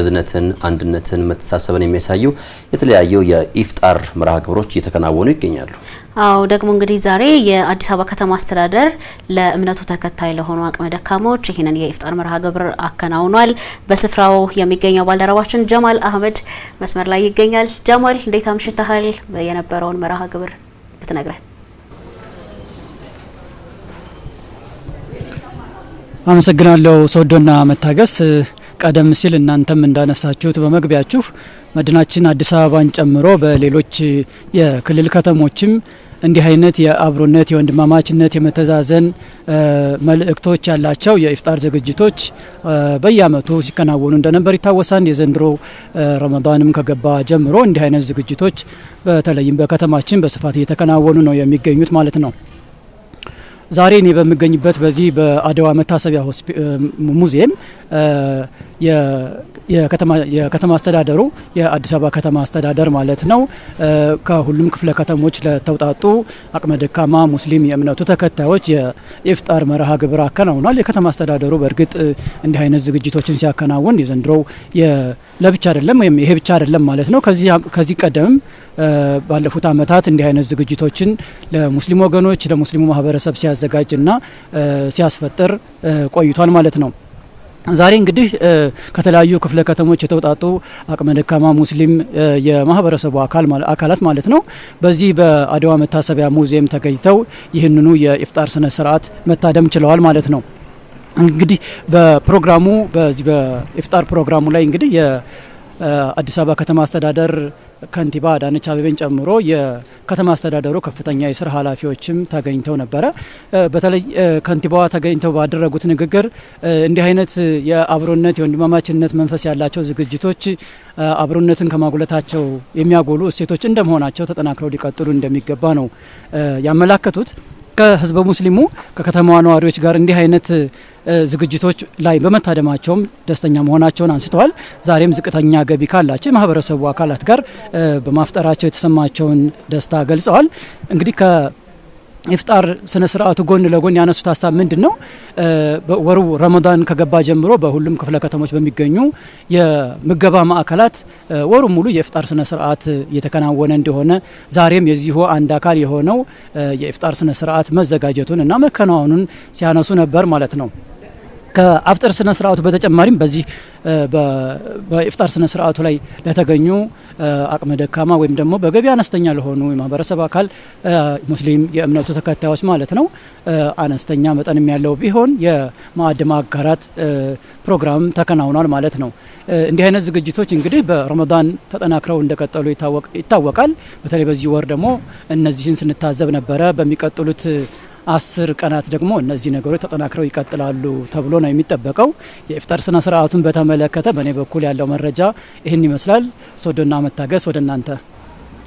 እዝነትን፣ አንድነትን፣ መተሳሰብን የሚያሳዩ የተለያዩ የኢፍጣር መርሃ ግብሮች እየተከናወኑ ይገኛሉ። አዎ ደግሞ እንግዲህ ዛሬ የአዲስ አበባ ከተማ አስተዳደር ለእምነቱ ተከታይ ለሆኑ አቅመ ደካሞች ይህንን የኢፍጣር መርሃ ግብር አከናውኗል። በስፍራው የሚገኘው ባልደረባችን ጀማል አህመድ መስመር ላይ ይገኛል። ጀማል እንዴት አምሽተሃል? የነበረውን መርሃ ግብር ብትነግረን። አመሰግናለሁ። ሰወዶና መታገስ ቀደም ሲል እናንተም እንዳነሳችሁት በመግቢያችሁ መዲናችን አዲስ አበባን ጨምሮ በሌሎች የክልል ከተሞችም እንዲህ አይነት የአብሮነት የወንድማማችነት የመተዛዘን መልእክቶች ያላቸው የኢፍጣር ዝግጅቶች በየአመቱ ሲከናወኑ እንደነበር ይታወሳል። የዘንድሮ ረመዳንም ከገባ ጀምሮ እንዲህ አይነት ዝግጅቶች በተለይም በከተማችን በስፋት እየተከናወኑ ነው የሚገኙት ማለት ነው። ዛሬ እኔ በምገኝበት በዚህ በአድዋ መታሰቢያ ሙዚየም የከተማ አስተዳደሩ የአዲስ አበባ ከተማ አስተዳደር ማለት ነው ከሁሉም ክፍለ ከተሞች ለተውጣጡ አቅመ ደካማ ሙስሊም የእምነቱ ተከታዮች የኢፍጣር መርሃ ግብር አከናውኗል። የከተማ አስተዳደሩ በእርግጥ እንዲህ አይነት ዝግጅቶችን ሲያከናውን የዘንድሮው ለብቻ አይደለም ወይም ይሄ ብቻ አይደለም ማለት ነው። ከዚህ ቀደምም ባለፉት ዓመታት እንዲህ አይነት ዝግጅቶችን ለሙስሊም ወገኖች ለሙስሊሙ ማህበረሰብ ሲያዝ ሲያዘጋጅና ሲያስፈጥር ቆይቷል ማለት ነው። ዛሬ እንግዲህ ከተለያዩ ክፍለ ከተሞች የተውጣጡ አቅመ ደካማ ሙስሊም የማህበረሰቡ አካላት ማለት ነው በዚህ በአድዋ መታሰቢያ ሙዚየም ተገኝተው ይህንኑ የኢፍጣር ስነ ስርዓት መታደም ችለዋል ማለት ነው። እንግዲህ በፕሮግራሙ በዚህ በኢፍጣር ፕሮግራሙ ላይ እንግዲህ የአዲስ አበባ ከተማ አስተዳደር ከንቲባ አዳነች አቤቤን ጨምሮ የከተማ አስተዳደሩ ከፍተኛ የስራ ኃላፊዎችም ተገኝተው ነበረ። በተለይ ከንቲባዋ ተገኝተው ባደረጉት ንግግር እንዲህ አይነት የአብሮነት የወንድማማችነት መንፈስ ያላቸው ዝግጅቶች አብሮነትን ከማጉለታቸው የሚያጎሉ እሴቶች እንደመሆናቸው ተጠናክረው ሊቀጥሉ እንደሚገባ ነው ያመላከቱት። ከህዝበ ሙስሊሙ ከከተማዋ ነዋሪዎች ጋር እንዲህ አይነት ዝግጅቶች ላይ በመታደማቸውም ደስተኛ መሆናቸውን አንስተዋል። ዛሬም ዝቅተኛ ገቢ ካላቸው የማህበረሰቡ አካላት ጋር በማፍጠራቸው የተሰማቸውን ደስታ ገልጸዋል። እንግዲህ ኢፍጣር ስነ ስርዓቱ ጎን ለጎን ያነሱት ሀሳብ ምንድን ነው? ወሩ ረመዳን ከገባ ጀምሮ በሁሉም ክፍለ ከተሞች በሚገኙ የምገባ ማዕከላት ወሩ ሙሉ የኢፍጣር ስነ ስርዓት እየተከናወነ እንደሆነ ዛሬም የዚሁ አንድ አካል የሆነው የኢፍጣር ስነ ስርዓት መዘጋጀቱን እና መከናወኑን ሲያነሱ ነበር ማለት ነው። ከአፍጠር ስነ ስርዓቱ በተጨማሪም በዚህ በኢፍጣር ስነ ስርዓቱ ላይ ለተገኙ አቅመ ደካማ ወይም ደግሞ በገቢ አነስተኛ ለሆኑ የማህበረሰብ አካል ሙስሊም የእምነቱ ተከታዮች ማለት ነው አነስተኛ መጠንም ያለው ቢሆን የማዕድ ማጋራት ፕሮግራም ተከናውኗል ማለት ነው። እንዲህ አይነት ዝግጅቶች እንግዲህ በረመዳን ተጠናክረው እንደቀጠሉ ይታወቃል። በተለይ በዚህ ወር ደግሞ እነዚህን ስንታዘብ ነበረ። በሚቀጥሉት አስር ቀናት ደግሞ እነዚህ ነገሮች ተጠናክረው ይቀጥላሉ ተብሎ ነው የሚጠበቀው። የኢፍጣር ስነ ስርዓቱን በተመለከተ በእኔ በኩል ያለው መረጃ ይህን ይመስላል። ሶዶና መታገስ ወደ እናንተ